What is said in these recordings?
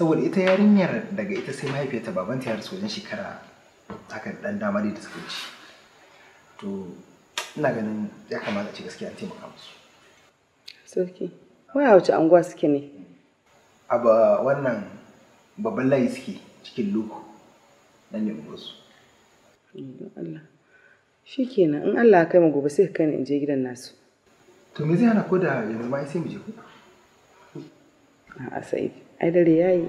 saboda ita yarinyar daga ita sai mahaifiyarta baban ta rasu wajen shekara haka dan dama dai da suka wuce to ina ganin ya kamata ce gaskiya an taimaka musu sarki waya wace anguwa suke ne a ba wannan babban layi suke cikin loko nan ne unguwarsu Allah shi kenan in Allah kai mu gobe sai ka kai ne in je gidan nasu to me zai hana ko da yanzu ma sai mu je ko a'a sai ai dare yayi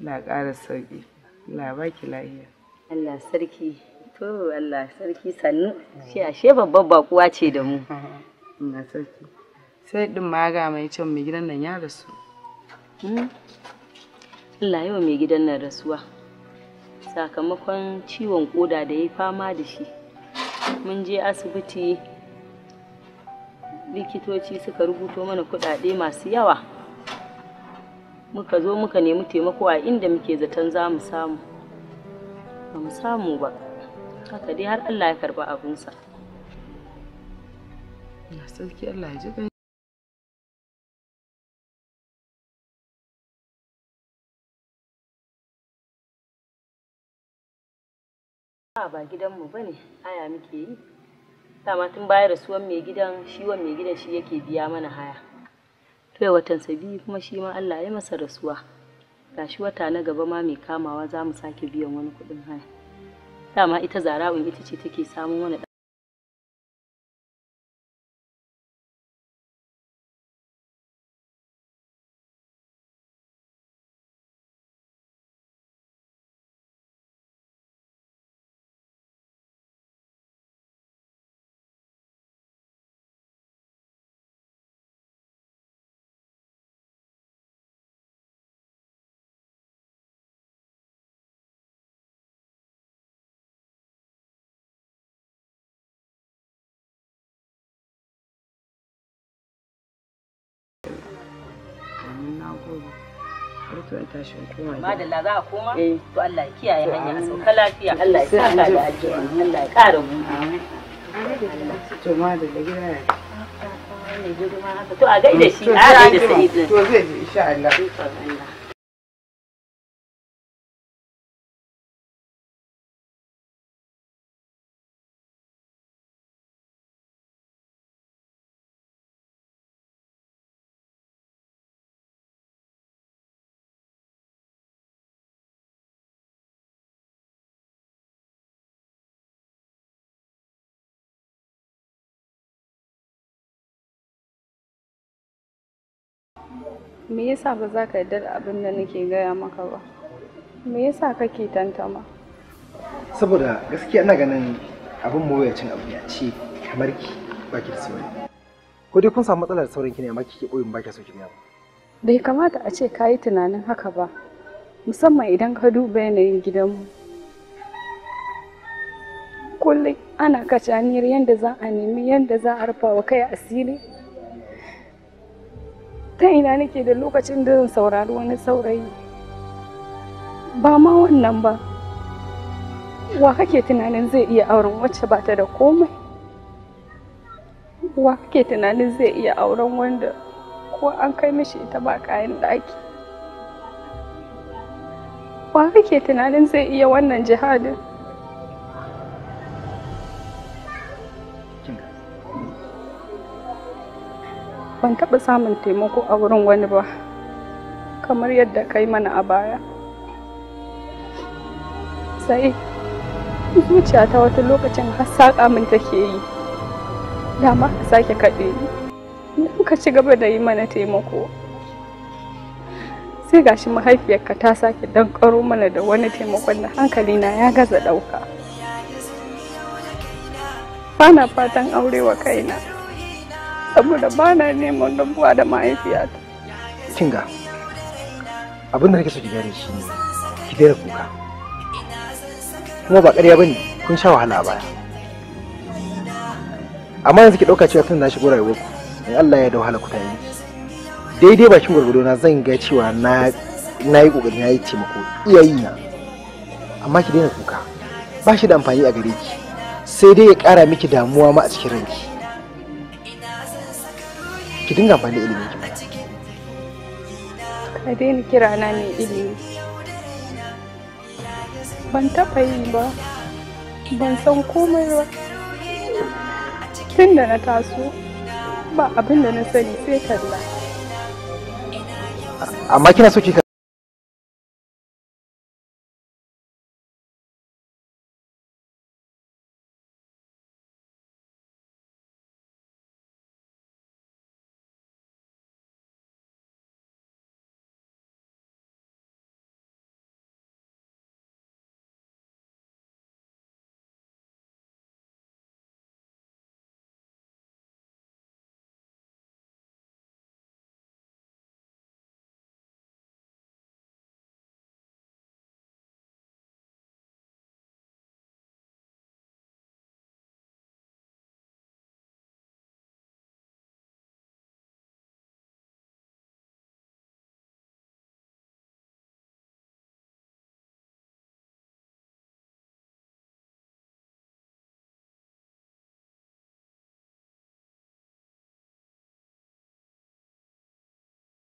Allah ƙara sauƙi Allah baki lafiya Allah sarki to Allah sarki sannu shi ashe babbar bakuwa ce da mu Allah sarki sai din ga mai can mai gidan nan ya rasu hmm? Allah yau mai gidan nan rasuwa sakamakon ciwon koda da ya fama da shi mun je asibiti likitoci suka rubuto mana kuɗaɗe masu yawa muka zo muka nemi taimako a inda muke zaton za mu samu ba mu samu ba haka dai har Allah ya karba abunsa ya Allah ya a ba gidanmu ba ne aya muke yi dama tun baya rasuwan mai gidan shi wa mai gidan shi yake biya mana haya to watansa biyu kuma shi ma Allah ya masa rasuwa shi wata na gaba ma mai kamawa za mu sake biyan wani kuɗin haya dama ita zara'un ita ce take samun wani in tashi in koma madalla za a koma eh to Allah ya kiyaye hanya a sauka lafiya Allah ya saka da addu'a Allah ya kara mu to madalla gida ya to a gaida shi a gaida sai to zai ji insha Allah. insha Allah me yasa ba za ka yarda da abin da nake gaya maka ba me yasa kake tantama saboda gaskiya ina ganin abin mawuyacin abu ya ce kamar ki ba ki da sauri ko dai kun samu matsalar saurin ki ne amma kike koyin ba ki so ki ba bai kamata a ce ka yi tunanin haka ba musamman idan ka duba yanayin gidanmu kullum ana kacaniyar yadda za a nemi yadda za a rufa wa kai asiri ta ina nake da lokacin da zan saurari wani saurayi ba ma wannan ba wa kake tunanin zai iya auren wacce ba ta da komai wa kake tunanin zai iya auren wanda ko an kai mishi ita ba kayan ɗaki wa kake tunanin zai iya wannan jihadin ban taɓa samun taimako a wurin wani ba kamar yadda kai mana a baya sai zuciyata wata lokacin har saƙa min take yi dama ka sake kaɗe ni ka ci gaba da yi mana taimako sai gashi mahaifiyarka ta sake dankaro mana da wani taimakon da na ya gaza ɗauka bana fatan aurewa kaina saboda ba na neman rabuwa da mahaifiyata. Kinga, abin da nake so ki gane shi ne ki daina kuka. Kuma ba ƙarya ba ne kun sha wahala a baya. Amma yanzu ki ɗauka cewa tun na shigo rayuwar ku, in Allah ya da wahala ku ta yi. Daidai bakin gwargwado na zan ga cewa na na yi ƙoƙari na yi taimako iya yi na. Amma ki daina kuka, ba shi da amfani a gare ki. Sai dai ya ƙara miki damuwa ma a cikin ranki. ki dinga amfani da ilimin ki ka daina kira na mai ilimi ban taɓa yi ba ban san komai ba tun da na taso ba abin da na sani sai kalla. amma kina so ki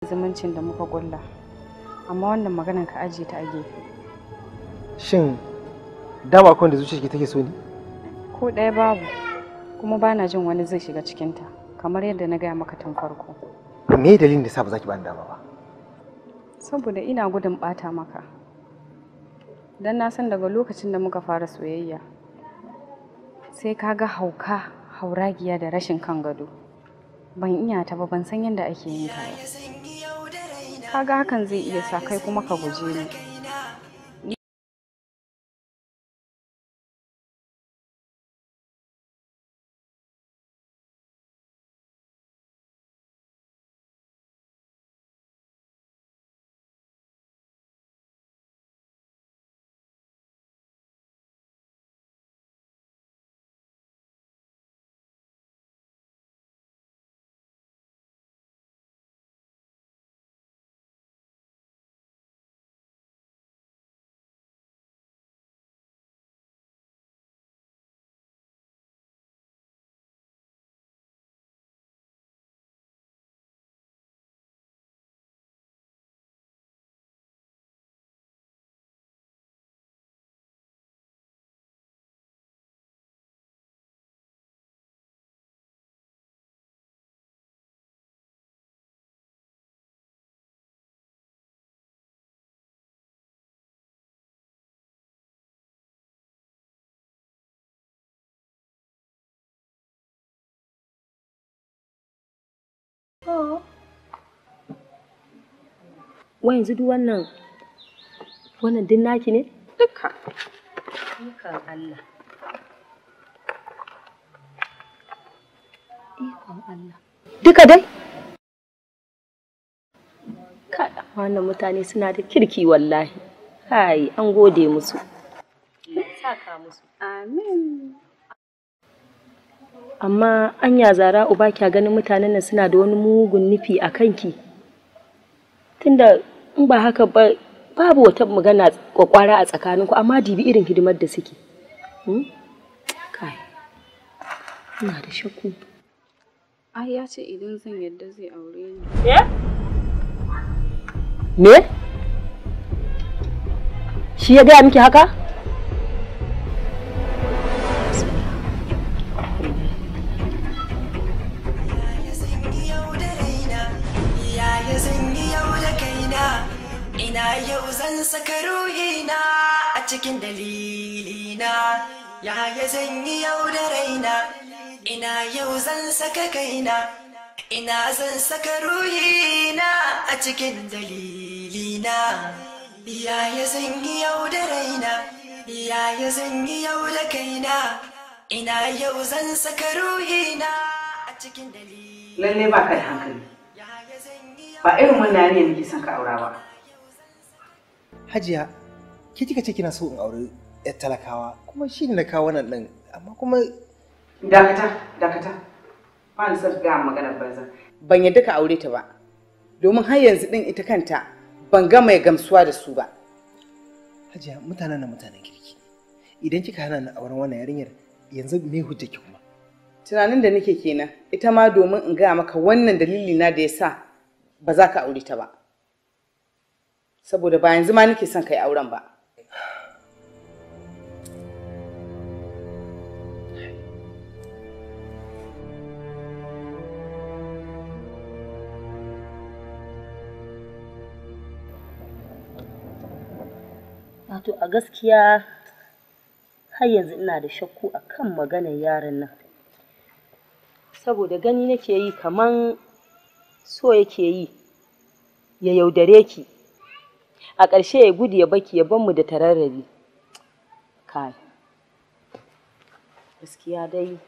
zumuncin da muka kulla amma wannan maganar ka ajiye ta a gefe shin dama akwai wanda zuciyarki take so ne ko ɗaya babu kuma ba na jin wani zai shiga cikinta kamar yadda na gaya maka tun farko me dalilin da sa ba za ki dama ba saboda ina gudun ɓata maka dan na san daga lokacin da muka fara soyayya sai ka ga hauka hauragiya da rashin kan gado ban iya ta ba ban san yadda ake yin ta kaga hakan zai iya sa kai kuma ka guje ni Wai yanzu duk wannan wannan duk naki ne? Duka. Ikon Allah. Ikon Allah. Duka dai? Kaɗa wannan mutane suna da kirki wallahi. Kai an gode musu. Saka musu. Amin. amma anya zara uba kya ganin mutanen nan suna da wani mugun nufi a kanki tunda in ba haka ba babu wata magana kwakwara a tsakaninku amma dibi irin hidimar da suke hmm? ai ya ce idan zan yadda zai aure ni me shi ya gaya miki haka na yau zan saka ruhina a cikin dalilina yaya zan yi yau da raina ina yau zan saka kaina ina zan saka ruhina a cikin dalilina yaya zan yi yau da raina yaya zan yi yau da kaina ina yau zan saka ruhina a cikin dalilina lalle ba ka da hankali ba irin wannan ne nake son ka aura ba hajiya ke kika ce kina so in aure yar talakawa kuma shi ne na kawo nan ɗin amma kuma dakata dakata ba ni son ga maganar banza ban yadda ka aure ta ba domin har yanzu din ita kanta ban ga mai gamsuwa da su ba hajiya mutanen na mutanen kirki idan kika hana ni auren wannan yarinyar yanzu me hujja ki kuma tunanin da nake kenan ita ma domin in gaya maka wannan dalili na da yasa ba za ka aure ta ba saboda ba yanzu ma nake son kai auren ba wato a gaskiya har yanzu ina da shakku a kan maganar yaron nan saboda gani nake yi kaman so yake yi ya yaudare ki a ƙarshe ya gudu ya baki ya mu da tararrabi kai gaskiya dai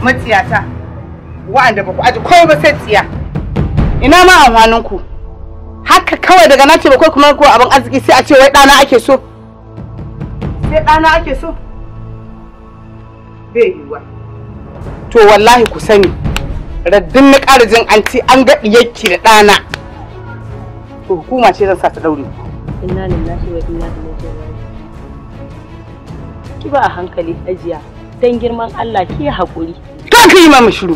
matsiyata wa'anda ba ku aji kawai ba sai tsiya ina ma amfanin ku haka kawai daga nace ba kuma ko abin arziki sai a ce wai ɗana ake so sai ɗana ake so bai yiwuwa to wallahi ku sani raddin na ƙara jin an gaɗi yake da ɗana to hukuma ce zan sa ta ɗaure inna lillahi wa inna ilaihi raji'un ki ba a hankali ajiya dan girman Allah ki haƙuri ka yi mamu shiru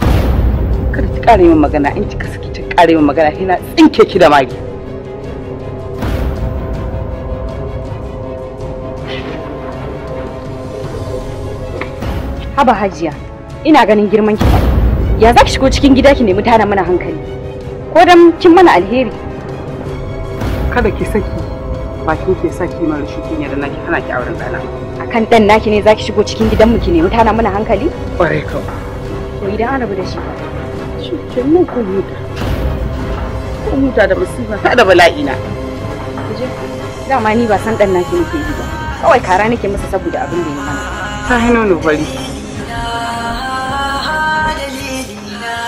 kada ki ƙara yin magana in kika saki ki ƙara yin magana ina tsinke ki da magi haba hajiya ina ganin girman ki ya za ki shigo cikin gida ki nemi tana mana hankali ko dan kin mana alheri kada ki saki bakin ke rushe ki ne da naki hana ki auren dana akan dan naki ne zaki shigo cikin gidanmu ki nemi tana mana hankali ƙwarai kawai to idan an rabu da shi shi ke nan ko huta ko huta da musiba ta da bala'i na dama ni ba san dan nake nake yi ba kawai kara nake masa saboda abin da ya mana ta hino no bari dalilina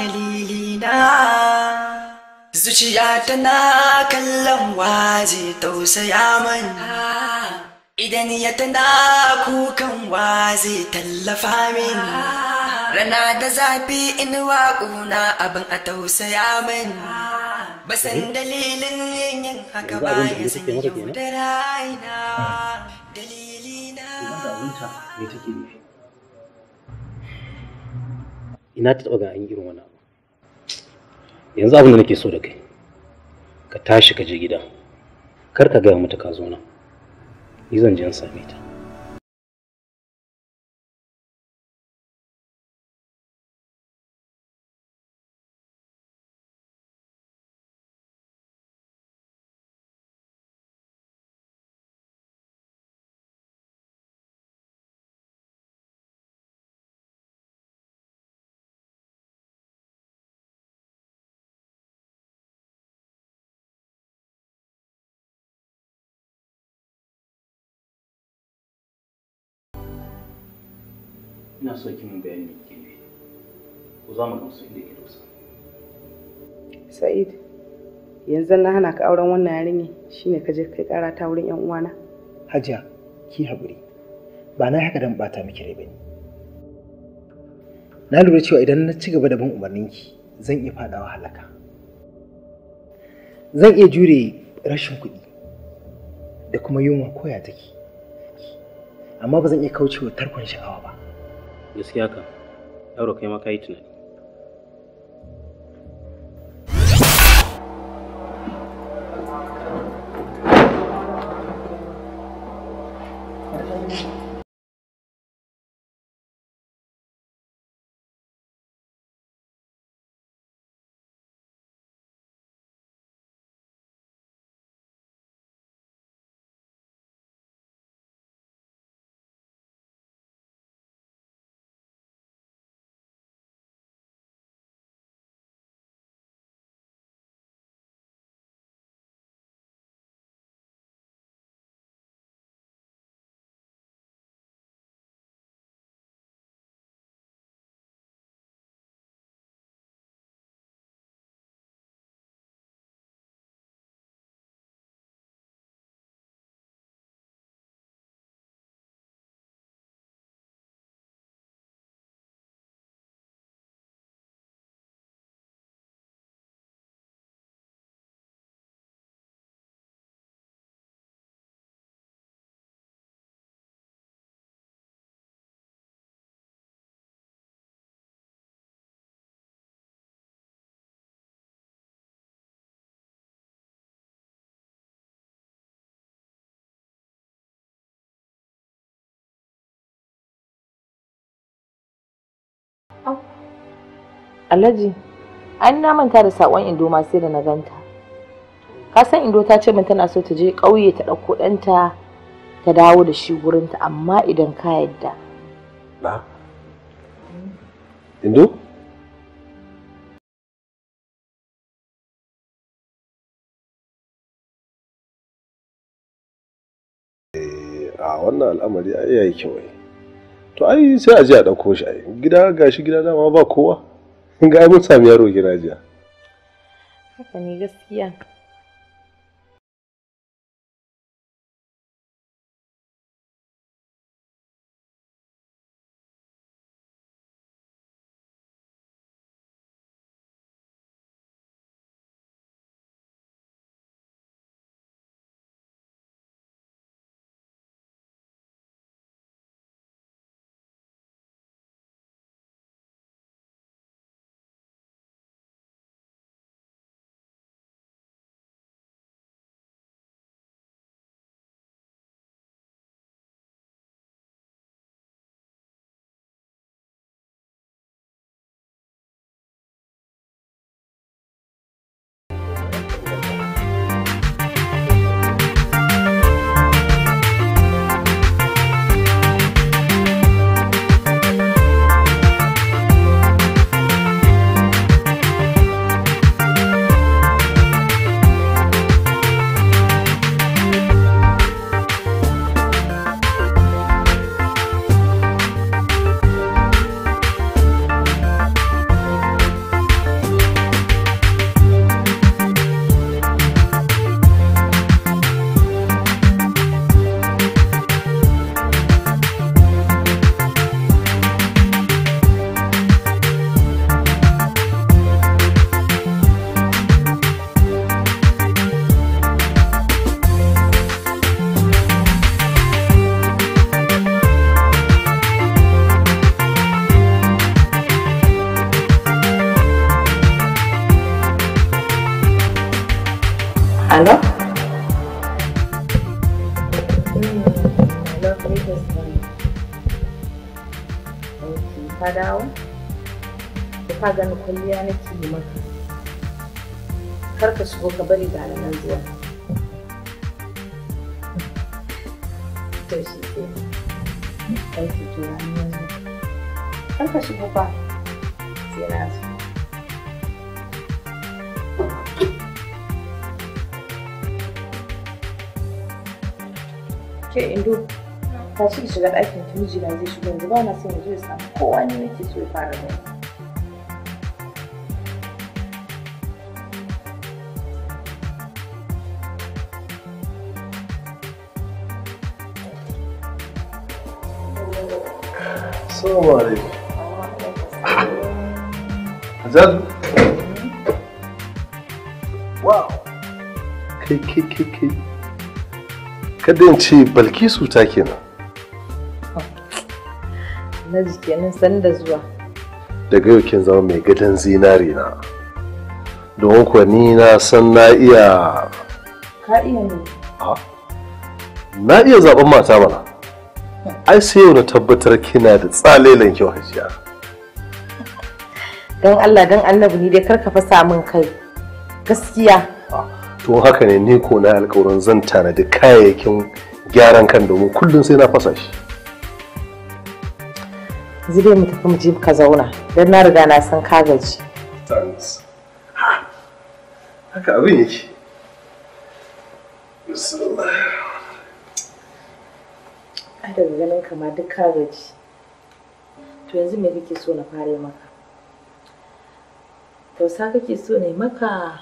dalilina zuciya tana kallon waje tausaya mani Idan ya tana kukan wa zai tallafa min Rana da zafi in waƙuna abin a tausaya min Basan eh? dalilin yin haka ba ya san yau da raina Dalilina Ina ta taɓa ga an irin wani abu Yanzu abin da nake so da kai Ka tashi ka je gida Kar ka gaya mata ka zo nan ni zan je in so ki bayani ne ko za mu sa'id yanzu na hana ka auren wannan yarinya shine ka je kai kara ta wurin ƴan uwana hajiya ki haƙuri ba na haka dan bata miki rai bane na lura cewa idan na ci gaba da bin umarninki zan iya fadawa halaka zan iya jure rashin kuɗi da kuma yunwa koya take amma ba zan iya kaucewa tarkon sha'awa ba gaskiya ka yaro kai maka yi tunani Alhaji, an na manta da sakon Indo ma sai da na ganta. Ka san Indo ta ce min tana so ta je ƙauye ta ɗauko ɗanta ta dawo da shi gurinta amma idan ka yadda. Na? Indo? Eh, a wannan al'amari ai yayi kyau to ai sai a je a ɗauko shi gida gashi gida dama ba kowa kin ga ai sami yaro gida jiya haka ne gaskiya to shi ke kar ka shiga fa sai ke indo ta shi shiga ɗakin miji na zai shiga yanzu na son ya zo ne ya fara zazu wow kai kai kai kai kada in ce balkisu ta kenan na kenan san da zuwa daga yau kin zama mai gadon zinari na domin kuwa ni na san na iya ka iya ne na iya zaben mata mana hmm. ai sai yau na tabbatar kina da tsalelen kyau hajiya don Allah don annabi ne dai karka fasa min kai gaskiya to haka ne ni ko na alƙawarin zan tanadi kayayyakin gyaran kan domin kullum sai na fasa shi Zube mu tafi mu ka zauna don na riga na san ka gaji haka abin yake a daga ganin kama duk ka gaji to yanzu me kake so na fara maka tausa kake so ne maka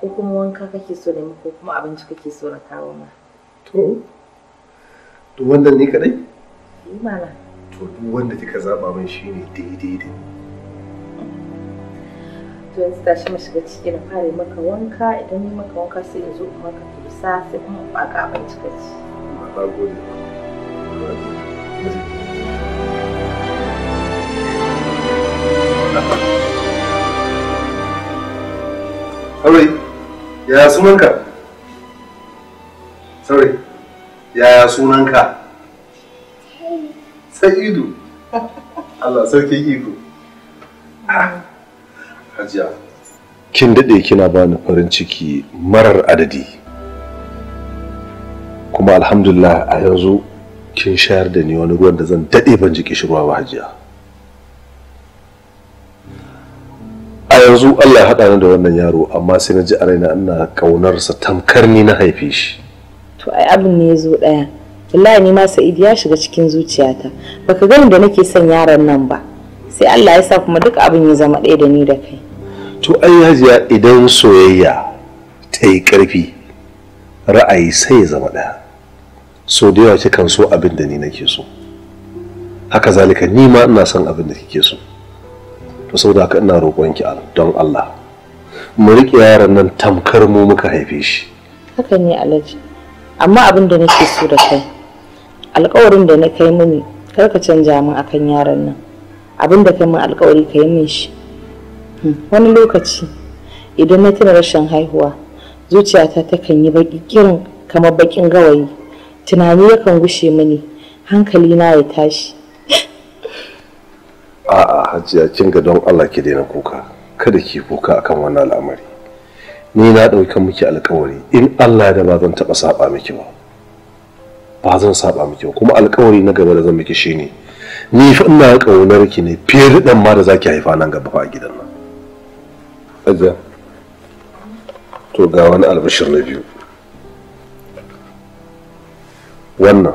ko kuma wanka kake so ne ko kuma abinci kake so na kawo ma to to wannan ne kadai yi to duk wanda kika zaba min shine daidai da to yanzu ta mu shiga ciki na fara maka wanka idan yi maka wanka sai in zo maka tausa sai kuma baka abinci ka ci na gode ya yaya sunanka ya yaya sunanka sa'idu Allah sarkin iko hajiya kin daɗe kina bani farin ciki marar adadi kuma alhamdulillah a yanzu kin shayar da ni wani ruwan da zan daɗe ban jiki kishirwa ba hajiya yanzu Allah ya haɗa ni da wannan yaro amma sai na ji a raina ina ƙaunarsa tamkar ni na haife shi to ai abin ne ya zo ɗaya wallahi ni ma Sa'id ya shiga cikin zuciyata baka gani da nake son yaron nan ba sai Allah ya sa kuma duk abin ya zama ɗaya da ni da kai to ai hajiya idan soyayya ta yi ƙarfi ra'ayi sai ya zama ɗaya so da yawa kikan so abin da ni nake so haka zalika ni ma ina son abin da kike so to saboda haka ina roƙonki don Allah mu riƙe yaron nan tamkar mu muka haife shi haka ne alhaji amma abin da nake so da kai alƙawarin da na kai mini kar ka canja min akan yaron nan abin da kai min alƙawari ka yi min shi hmm, wani lokaci idan na tuna rashin haihuwa zuciyata takan yi baƙi kirin kamar baƙin gawayi tunani yakan gushe mini hankali na ya tashi a'a hajiya kin ga don Allah ki daina kuka kada ki kuka akan wannan al'amari ni na ɗauka miki alkawari in Allah da ba zan taɓa saɓa miki ba ba zan saba miki ba kuma alkawari na gaba da zan miki shine ni fa ina ƙaunar ki ne fiye da ɗan ma da zaki haifa nan gaba fa a gidan nan hajiya to ga wani albashir na biyu wannan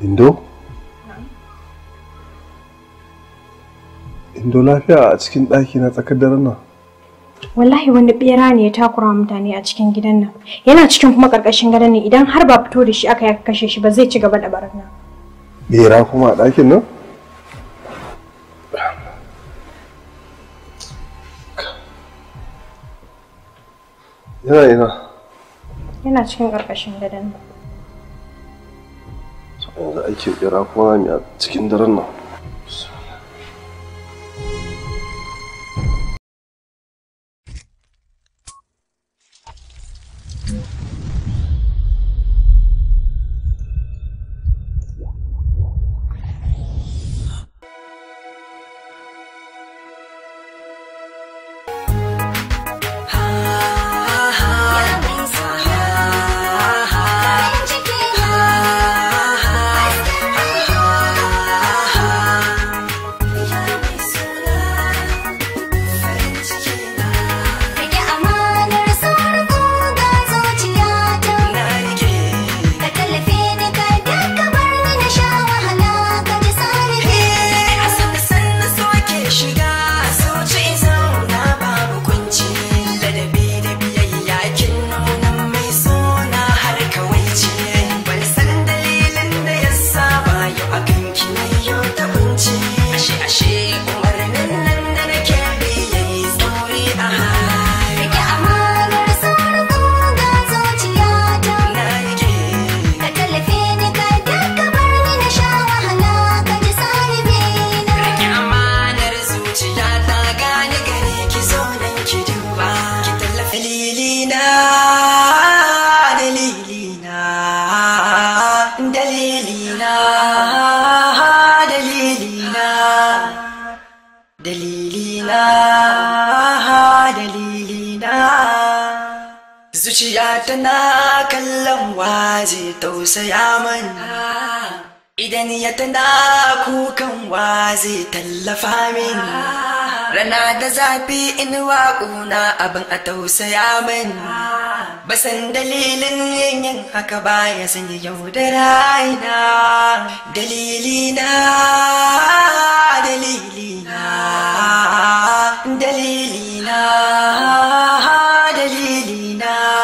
Indo? Indo lafiya a cikin ɗaki na tsakar daren nan. Wallahi wani bera ne ya takura mutane a cikin gidan nan. Yana cikin kuma ƙarƙashin gadon nan idan har ba fito da shi aka ya kashe shi ba zai ci gaba da barna. Bera kuma a ɗakin nan? Yana ina? Yana cikin ƙarƙashin gadon nan. yanzu ake kira kuma za a cikin daren nan tausaya man idan ya tana kukan wa zai tallafa min rana da zafi in waƙuna abin a tausaya min san dalilin yin haka ba ya yi yau da raina na. Dalili na, dalili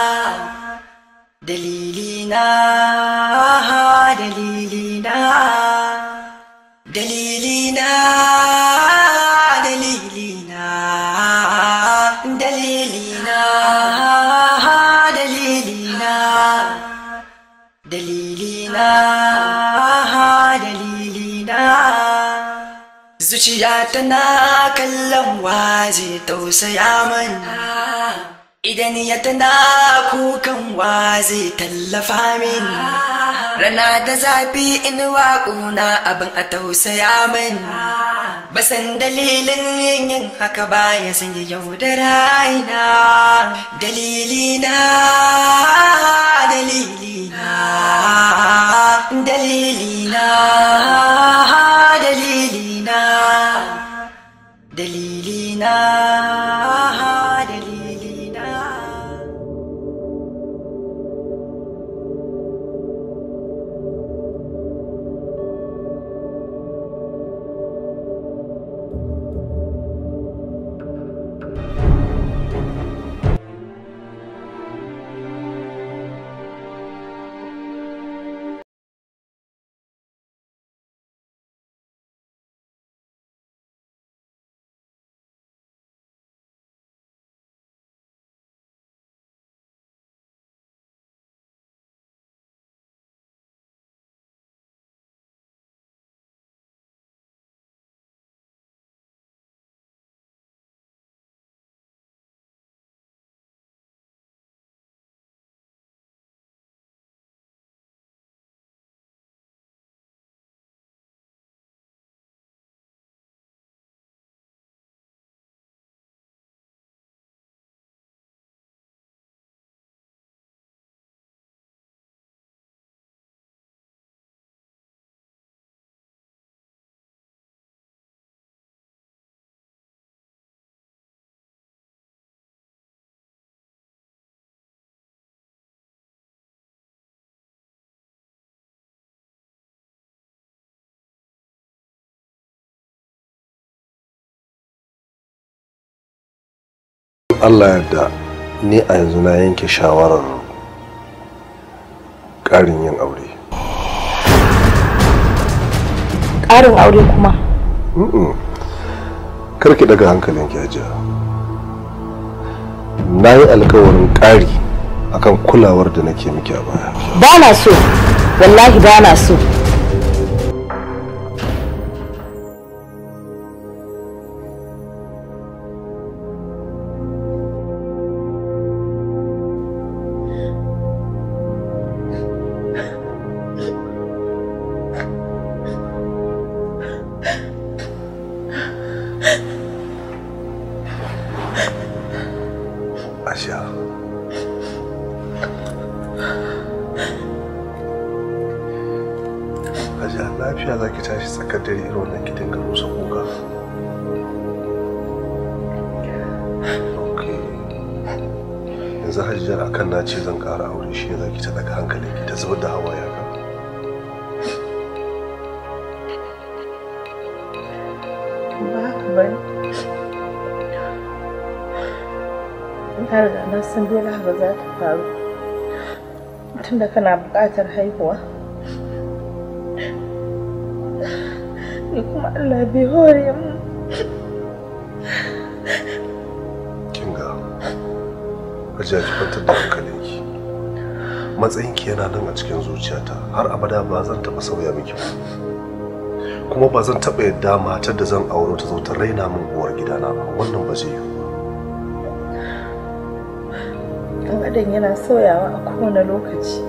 na. dalilina dalilina dalilina dalilina dalilina dalilina dalilina dalilina zuciya tana kallon waje tausaya mana Idan ya tana kukan wa zai tallafa min Rana da zafi in waƙuna abin a tausaya min Ba san dalilin yin haka ba ya yi yau da raina Dalilina, dalilina, dalilina, dalilina, dalilina allah da ni a yanzu na yanke shawarar ƙarin yin aure ƙarin aure kuma kar ki daga hankalin ki na yi alkawarin ƙari akan kulawar da nake miki a baya ba na so wallahi ba na so tunda kana buƙatar haihuwa ni kuma Allah bai hore mu kinga ajiya ki da hankalinki matsayinki yana nan a cikin zuciyata har abada ba zan taba sauya miki ba kuma ba zan taɓa yadda matar da zan auro ta zo ta raina min uwar gidana ba wannan ba zai yiwu faɗin yana sauyawa a kowane lokaci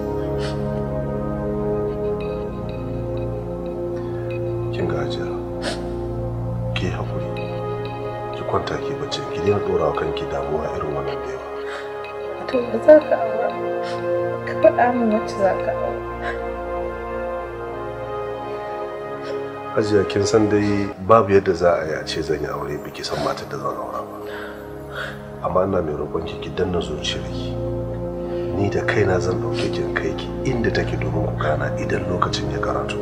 kin gaja ke haƙuri ki kwanta ki bace ki daina ɗora kanki damuwa irin wannan da yawa to ba za ka aura ka faɗa min wacce za ka aura Hajiya kin san dai babu yadda za a yi zan yi aure biki san matar da zan aura amma ina mai roƙon ki ki danna zuciyarki ni da kaina zan ɗauke kin kai ki inda take domin ku gana idan lokacin ya karatu.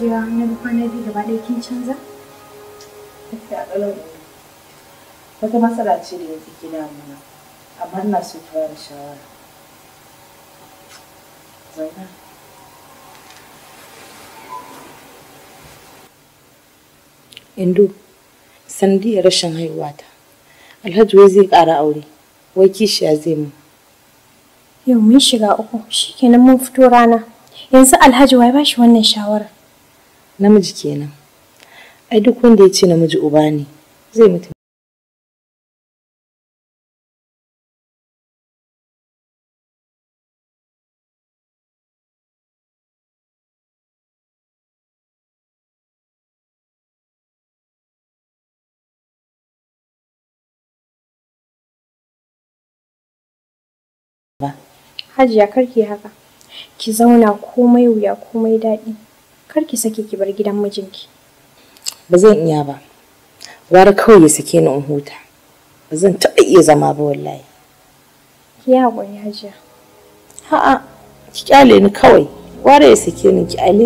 jiya na bi kwana biyu gaba ɗaya kin canza? Tafiya ƙalau Wata matsala ce da yanzu ke damuna, amma ina so ki da shawara. Zauna. Indo, sanadiyar rashin haihuwata. Alhaji wai zai ƙara aure, wai kishiya zai mu. Yau mun shiga uku, shikenan mun fito rana. Yanzu Alhaji wai ba shi wannan shawarar. namiji kenan ai duk wanda ya ce namiji uba ne zai mutu Hajiya karki haka, ki zauna komai wuya komai daɗi. kar ki sake ki bar gidan mijinki ba zan iya ba gwara kawai ya sake ni in huta ba zan taɓa iya zama ba wallahi Ya haƙuri hajiya ha'a ki kyale ni kawai gwara ya sake ni ki ni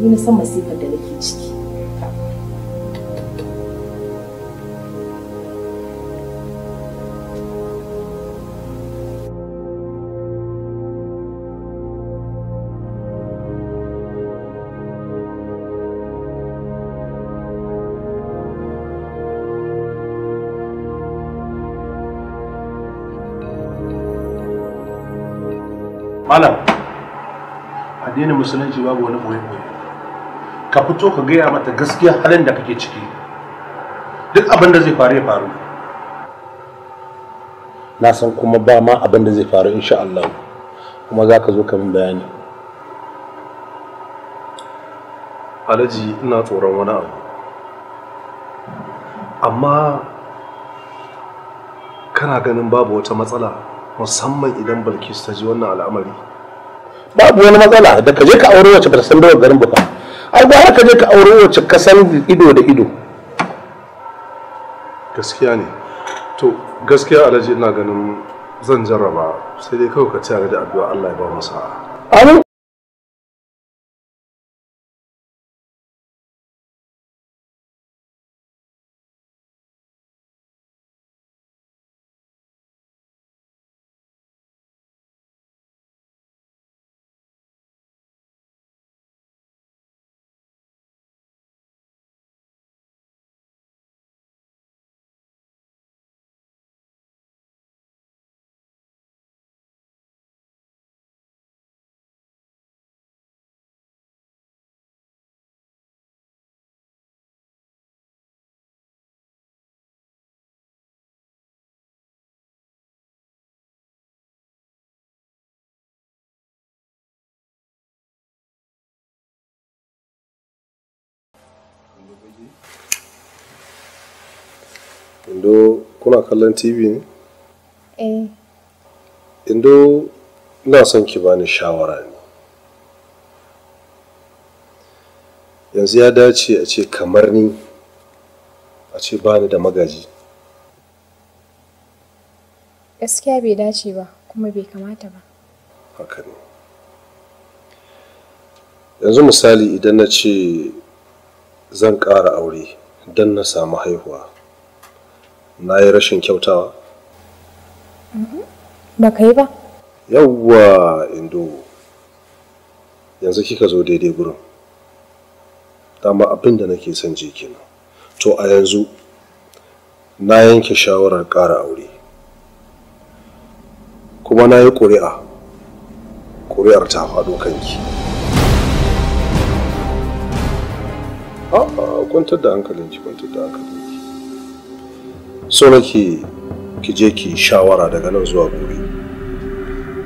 ni na san masifar da nake ciki addinin musulunci babu wani boye boye ka fito ka gaya mata gaskiya halin da kake ciki duk abin da zai faru ya faru na san kuma ba ma abin da zai faru insha Allah kuma za ka zo ka min bayani alaji ina tsoron wani abu amma kana ganin babu wata matsala musamman idan balkis ta ji wannan al'amari babu wani matsala da ka je ka aure wacce bata san dawar garin ba ai ba har ka je ka aure wacce ka san ido da ido gaskiya ne to gaskiya alhaji ina ganin zan jarraba sai dai kawai ka ci da addu'a Allah ya ba mu sa'a Indo kuna kallon TV ne? Eh. Indo ina son ki bani shawara ne. Yanzu ya dace a ce kamar ni a ce bani da magaji. Gaskiya bai dace ba kuma bai kamata ba. Haka ne. Yanzu misali idan na ce zan ƙara aure don na samu haihuwa na yi rashin kyautawa ba ka yi ba yawwa indo yanzu kika zo daidai gurin dama abin da nake son jikin. to a yanzu na yanke shawarar ƙara aure kuma na yi ƙuri'a ƙuri'ar ta faɗo kanki a'a kwantar da hankalinki kwantar da hankalinki so nake ki je ki shawara daga nan zuwa gobe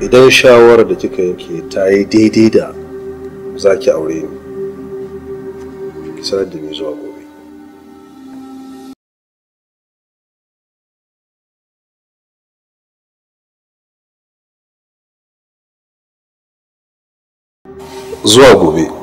idan shawarar da kika yanke ta yi daidai da za ki aure ni ki sanar da ni zuwa gobe zuwa gobe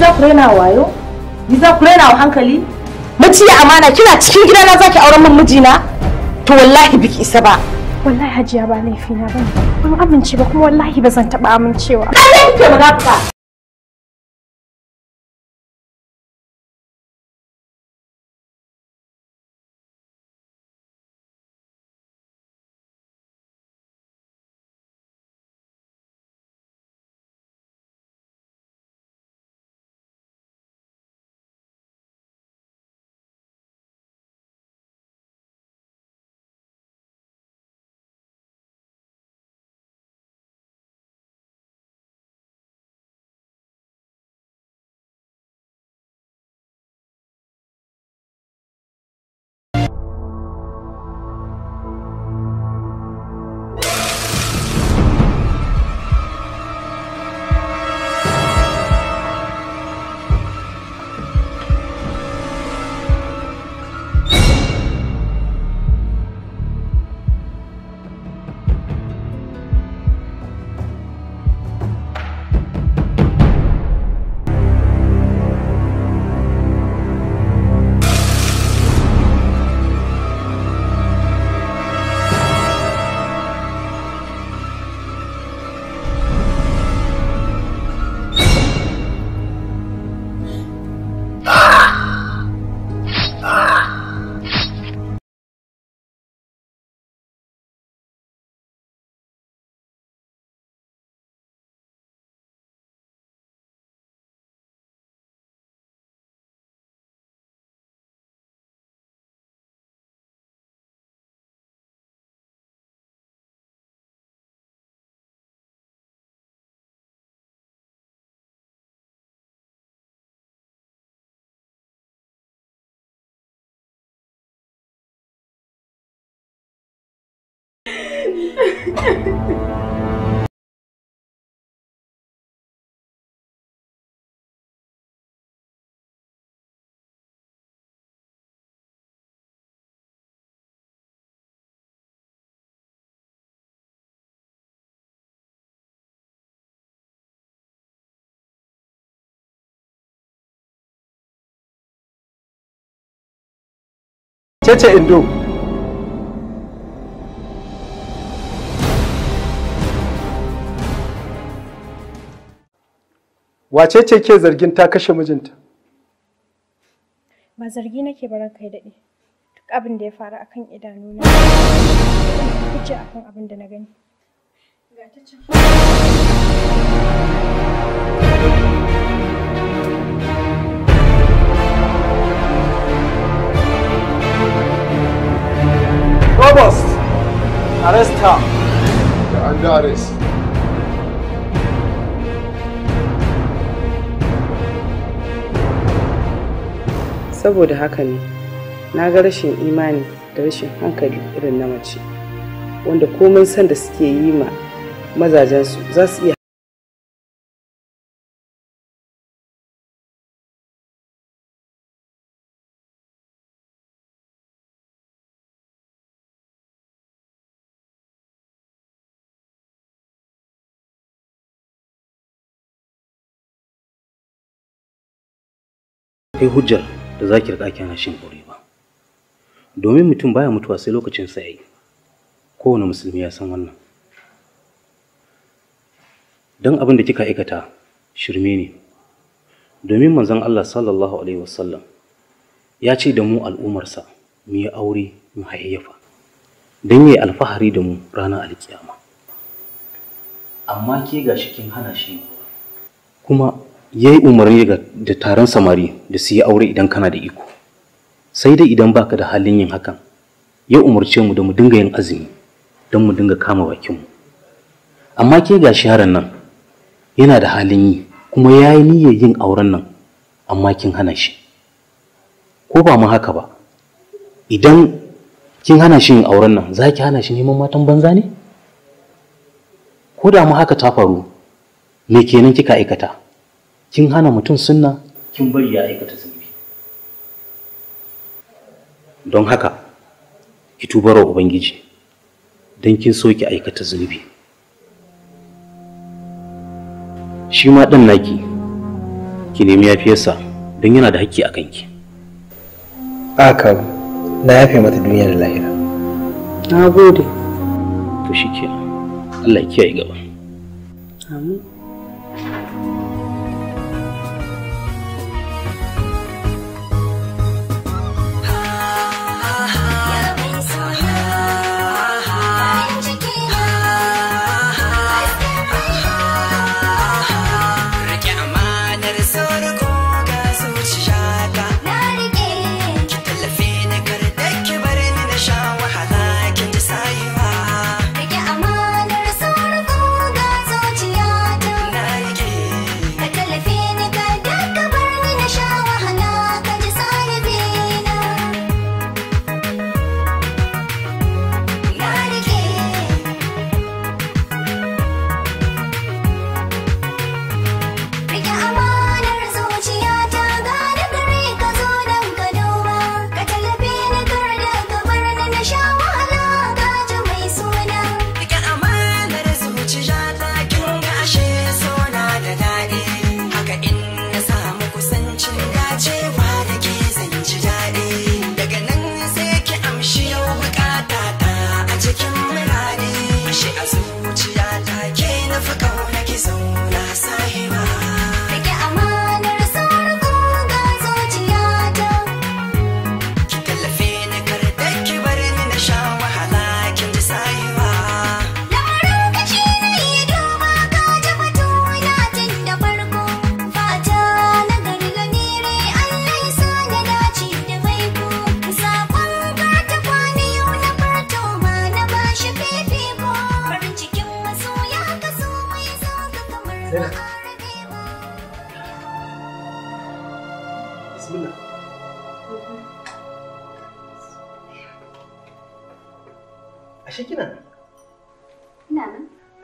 za ku raina wayo ni za ku raina hankali maciya amana kina cikin gida na zaki auren min mijina to wallahi biki isa ba wallahi hajiya ba laifi na bane ban amince ba kuma wallahi ba zan taba amincewa kallon ke munafuka Cece Indo. wace ce ke zargin ta kashe mijinta ba zargi nake baran kai daɗe duk abin da ya faru akan na. kuce akan abin da na gani ga ta can Robust! Arrest her! You're under arrest. saboda haka ne na ga rashin imani da rashin hankali irin na mace wanda komai san da suke yi ma mazajensu za su iya hujjar da za ki riƙa kin hashin aure ba domin mutum baya mutuwa sai lokacin sa yayi kowane musulmi ya san wannan Dan abin da kika aikata shirme ne domin manzon Allah sallallahu alaihi wasallam ya ce da mu al'umarsa mu yi aure mu hayayyafa Dan yi alfahari da mu ranar alkiyama amma ke gashi kin hana shi kuma ya yi umarni da taron samari da su yi aure idan kana da iko sai dai idan baka da halin yin hakan ya umarce mu da mu dinga yin azumi don mu dinga kama bakinmu amma ke ga yaron nan yana da halin yi kuma ya yi niyyar yin auren nan amma kin hana shi ko ba mu haka ba idan kin hana shi yin auren nan za ki hana shi neman matan banza ne ko da mu haka ta faru me kenan kika aikata kin hana mutum sunna kin bari ya aikata zunubi don haka ki tubarwa ubangiji don kin so ki aikata zunubi shi ma ɗan naki ki nemi yafiyarsa don yana da hakki a kanki aka na yafe mata duniya da lahira na gode to shi Allah ya kiyaye gaba amin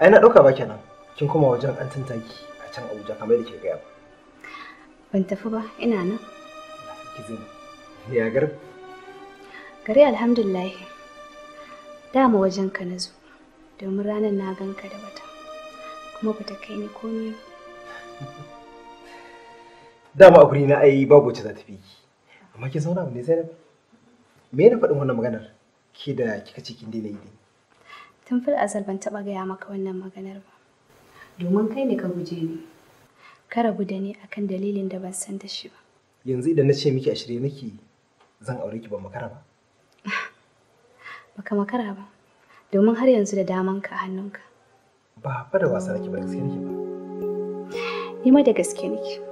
ai na ɗauka ba kenan kin koma wajen an tantaki a can abuja kamar da ke gaya ba ban tafi ba ina nan ya gar gari alhamdulillah dama wajen ka na zo domin ranar na ganka da wata kuma ba ta kai ni komai ba dama a guri na ai babu wacce za ta fi amma ki zauna ne na me na faɗin wannan maganar ke da kika ce kin daina yi tun fil azal ban taɓa gaya maka wannan maganar ba domin kai ne ka guje ni ka rabu da ni akan dalilin da ban san da shi ba yanzu idan na ce miki a shirye nake zan aure ki ba makara ba baka makara ba domin har yanzu da daman ka hannunka ba fa da wasa nake ba gaskiya nake ba ni ma da gaske nake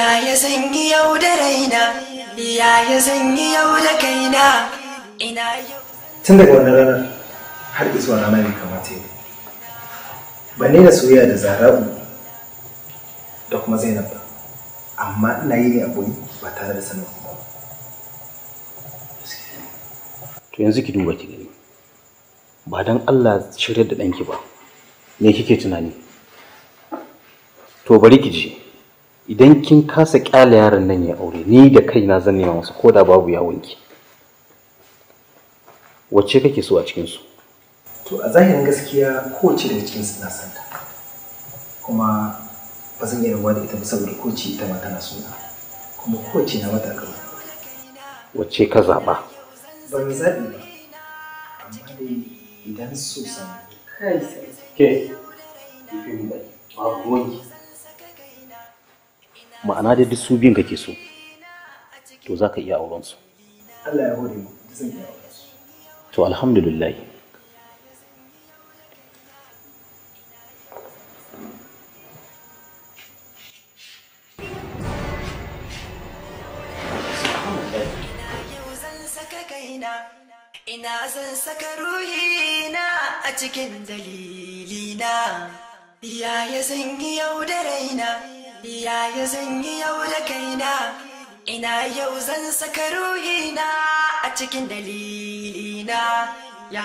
Ya zan yi yau da raina ya zan yi yau da kaina ina yau tun daga wannan ranar har zuwa rana ne kamata yi ba ne da soyayya da zarabu da kuma zainab ba amma ina yi ne a ba tare da sanin kuma to yanzu ki duba ki gani ba don allah shirya da ɗanki ba me kike tunani to bari ki ji idan kin kasa kyale yaron nan ya aure ni da kaina zan nema masa ko da babu yawonki wacce kake so a cikinsu to a zahirin gaskiya kowace daga cikinsu na santa kuma ba zan iya rabuwa da ita ba saboda kowace ita ma tana suna kuma kowace na mata gaba Wace ka zaɓa ban zaɓi ba amma dai idan so samu kai sai ke ki fi mu bai babu ruwanki ma'ana da duk su biyun kake so to za ka iya auren su Allah ya hore mu zan iya auren su to alhamdulillah Ina zan saka ruhina a cikin dalilina, yaya zan yi yau da raina. yaya zan yi yau da kaina ina yau zan saka ruhina a cikin dalilina ya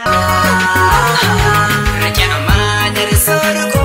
rike amanar sarko